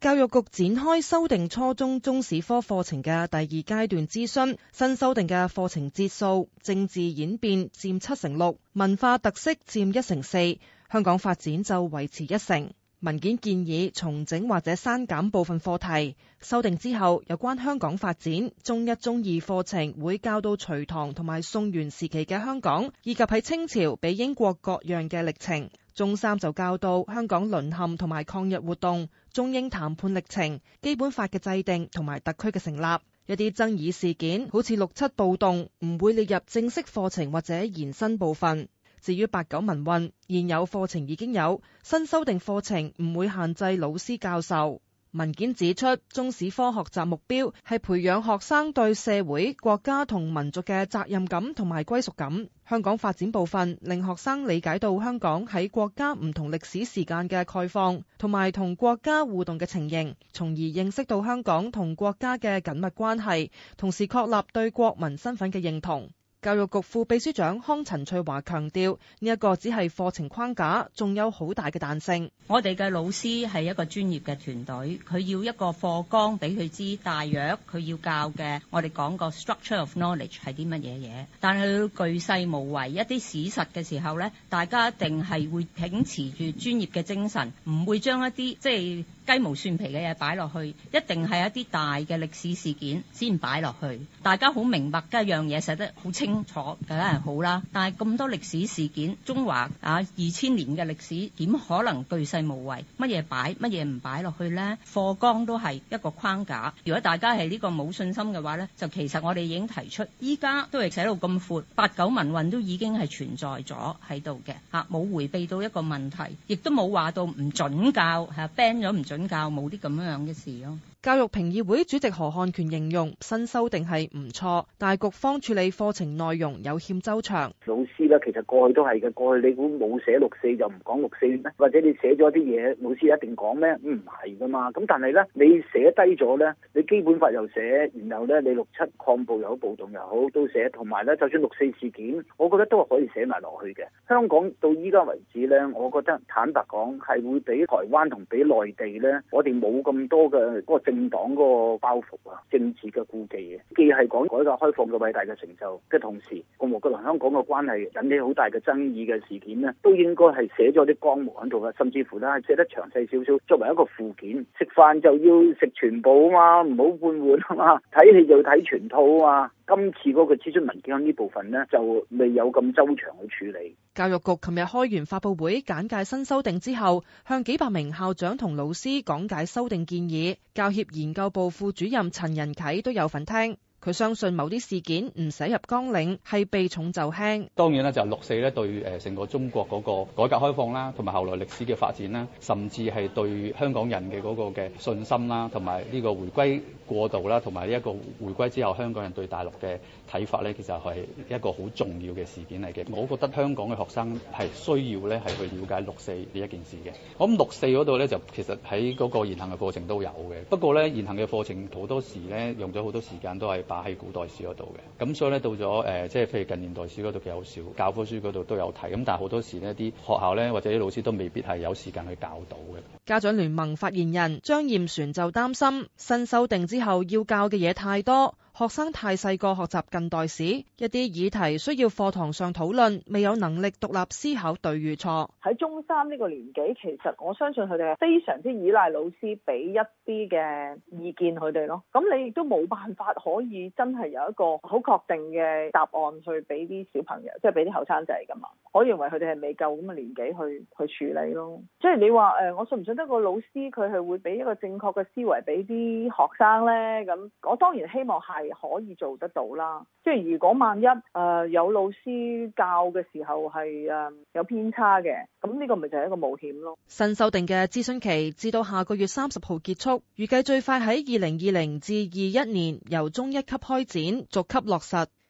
教育局展開修訂初中中史科課程嘅第二階段諮詢，新修訂嘅課程節數，政治演變占七成六，文化特色占一成四，香港發展就維持一成。文件建議重整或者刪減部分課題，修訂之後有關香港發展，中一中二課程會教到隋唐同埋宋元時期嘅香港，以及喺清朝俾英國各樣嘅歷程。中三就教導香港淪陷同埋抗日活動、中英談判歷程、基本法嘅制定同埋特區嘅成立。一啲爭議事件好似六七暴動唔會列入正式課程或者延伸部分。至於八九民運，現有課程已經有新修訂課程，唔會限制老師教授。文件指出，中史科學習目標係培養學生對社會、國家同民族嘅責任感同埋歸屬感。香港發展部分令學生理解到香港喺國家唔同歷史時間嘅概況，同埋同國家互動嘅情形，從而認識到香港同國家嘅緊密關係，同時確立對國民身份嘅認同。教育局副秘書長康陳翠華強調：呢、這、一個只係課程框架，仲有好大嘅彈性。我哋嘅老師係一個專業嘅團隊，佢要一個課綱俾佢知，大約佢要教嘅，我哋講個 structure of knowledge 係啲乜嘢嘢。但係佢巨細無遺一啲史實嘅時候咧，大家一定係會秉持住專業嘅精神，唔會將一啲即係。雞毛蒜皮嘅嘢擺落去，一定係一啲大嘅歷史事件先擺落去。大家好明白，一樣嘢寫得好清楚，梗係好啦。但係咁多歷史事件，中華啊二千年嘅歷史，點可能巨細無遺？乜嘢擺，乜嘢唔擺落去呢？課綱都係一個框架。如果大家係呢個冇信心嘅話呢，就其實我哋已經提出，依家都係寫到咁闊，八九民運都已經係存在咗喺度嘅，嚇、啊、冇迴避到一個問題，亦都冇話到唔準教係 ban 咗唔準。教冇啲咁樣嘅事咯。教育評議會主席何漢權形容新修訂係唔錯，但局方處理課程內容有欠周詳。老師咧，其實過去都係嘅。過去你估冇寫六四就唔講六四咩？或者你寫咗啲嘢，老師一定講咩？唔係噶嘛。咁但係咧，你寫低咗咧，你基本法又寫，然後咧你六七抗暴，暴又好，暴動又好，都寫。同埋咧，就算六四事件，我覺得都係可以寫埋落去嘅。香港到依家為止咧，我覺得坦白講係會比台灣同比內地。咧，我哋冇咁多嘅嗰個政黨嗰個包袱啊，政治嘅顧忌嘅，既係講改革開放嘅偉大嘅成就，嘅同時，共和國同香港嘅關係引起好大嘅爭議嘅事件咧，都應該係寫咗啲光幕喺度啊，甚至乎咧寫得詳細少少，作為一個附件，食飯就要食全部啊嘛，唔好半碗啊嘛，睇戲就要睇全套啊嘛。今次嗰個諮詢文件呢部分呢就未有咁周詳去處理。教育局琴日開完發布會，簡介新修訂之後，向幾百名校長同老師講解修訂建議。教協研究部副主任陳仁啟都有份聽。佢相信某啲事件唔使入綱領，係避重就輕。當然啦，就是、六四咧對誒成個中國嗰個改革開放啦，同埋後來歷史嘅發展啦，甚至係對香港人嘅嗰個嘅信心啦，同埋呢個回歸過渡啦，同埋呢一個回歸之後香港人對大陸嘅睇法咧，其實係一個好重要嘅事件嚟嘅。我覺得香港嘅學生係需要咧係去了解六四呢一件事嘅。咁六四嗰度咧就其實喺嗰個現行嘅課程都有嘅，不過咧現行嘅課程好多時咧用咗好多時間都係。擺喺古代史嗰度嘅，咁所以咧到咗誒，即、呃、係譬如近年代史嗰度幾好少，教科書嗰度都有睇，咁但係好多時咧啲學校咧或者啲老師都未必係有時間去教到嘅。家長聯盟發言人張艷璇就擔心新修訂之後要教嘅嘢太多。學生太細個學習近代史，一啲議題需要課堂上討論，未有能力獨立思考對與錯。喺中三呢個年紀，其實我相信佢哋係非常之依賴老師俾一啲嘅意見佢哋咯。咁你亦都冇辦法可以真係有一個好確定嘅答案去俾啲小朋友，即係俾啲後生仔㗎嘛？我認為佢哋係未夠咁嘅年紀去去處理咯。即係你話誒、呃，我信唔信得過老師佢係會俾一個正確嘅思維俾啲學生咧？咁我當然希望係。可以做得到啦，即係如果萬一誒有老師教嘅時候係誒有偏差嘅，咁呢個咪就係一個冒險咯。新修訂嘅諮詢期至到下個月三十號結束，預計最快喺二零二零至二一年由中一級開展，逐級落實。